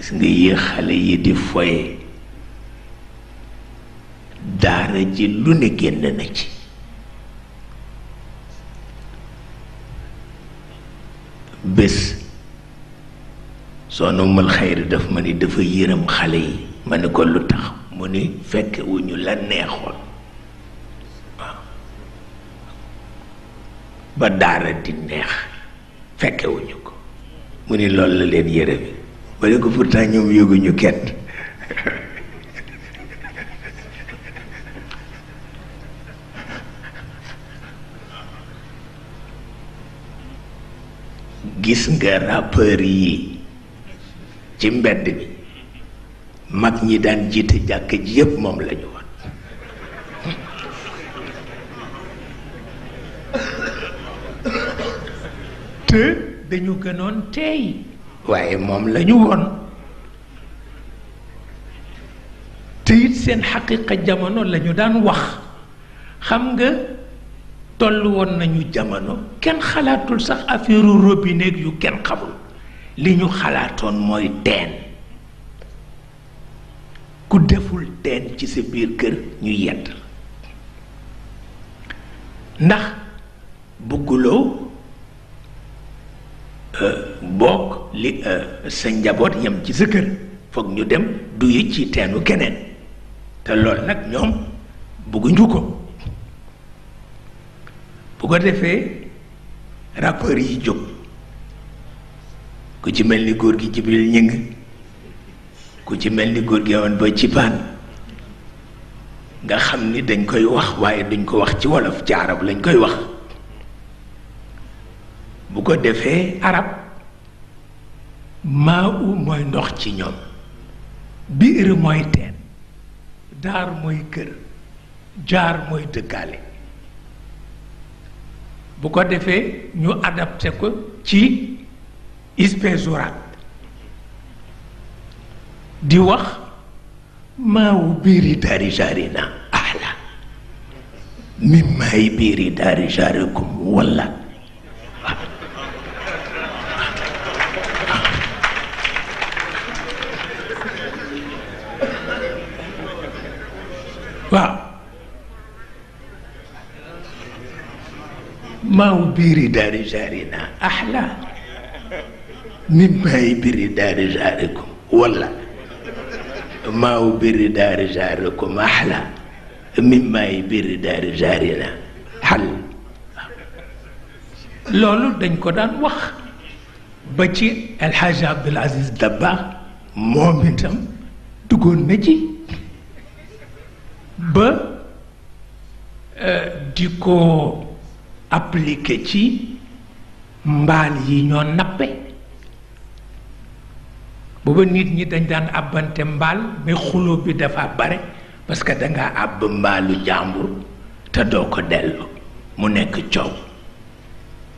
gis nga yi xale yi di foye daara ji lu ne génn na ci bés soo nomal xayri daf ma dafa yërëm xale yi ma ko lu tax mu ni fekke wu la neexoon ba daara di neex fekke wu ko mu ni loolu la leen yërëmi ma ne ko pourtant ñoom yëguñu kenn gis nga rappeur yi ci mbedd bi mag ñi daan jiite jàkk ji yépp moom lañu woon te dañu gënoon teey waaye moom lañu woon te it seen xaqiqa jamono lañu daan wax xam nga toll woon nañu jamono kenn xalaatul sax affaire robinet yu kenn xamul li ñu xalaatoon mooy teen ku deful teen ci sa biir kër ñu yedd ndax bëgguloo euh, bokk li sa njaboot yem ci sa kër foog ñu dem duyu ci teenu keneen te loolu nag ñoom bëgguñu ko bu ko defee rappeurs yi jóg ku ci mel ni góor gi Jibril ñëng ku ci mel ni góor gi woon ba ci paan nga xam ni dañ koy wax waaye duñ ko wax ci wolof ci arab lañ koy wax bu ko defee arab maa u mooy ndox ci ñoom biir mooy teen daar mooy kër jaar mooy dëkkaale bu ko defee ñu adapté ko ci espèce di wax maawu biiri daari jaarina ahla min maay biiri daari jaarikum walla ما هو بيري داري جارينا أحلى مما يبيري داري جاركم والله ما هو بيري داري جاركم أحلى مما يبيري داري جارينا حل لولو دن دان وخ بچي الحاج عبد العزيز دبا مومنتم دقون نجي ba eh, di ko appliquer ci mbaal yi ñoo nappe booba nit ñi dañ daan àbbante mbaal mais xuloo bi dafa bare parce que danga àbb mbaalu jàmbur te doo ko dellu mu nekk coow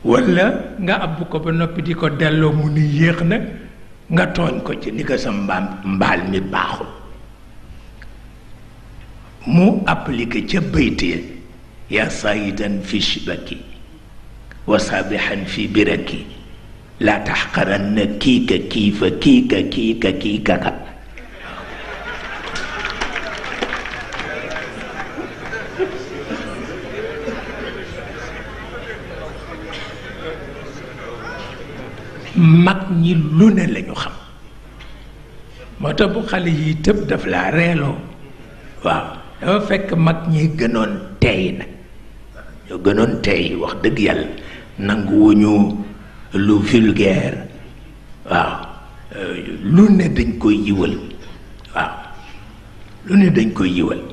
walla nga àbb ko ba noppi di ko delloo mu ni yéex nag nga tooñ ko ci ni ko sa mbaam mbaal mi baaxul mu appliqué ca bayt ya yaa saayidan fi shibaki wa saabixan fi biraki laa taxqaranna kiika kiifa kiika kiika kiikaka mag ñi lu ne lañu xam moo tax bu xale yi tëb daf laa reeloo waaw dafa fekk mag ñi gënoon tey na ñoo gënoon tey wax dëgg yàlla nanguwuñu lu vulgaire waaw euh, lu ne dañ koy yiwal waaw lu ne dañ koy yiwal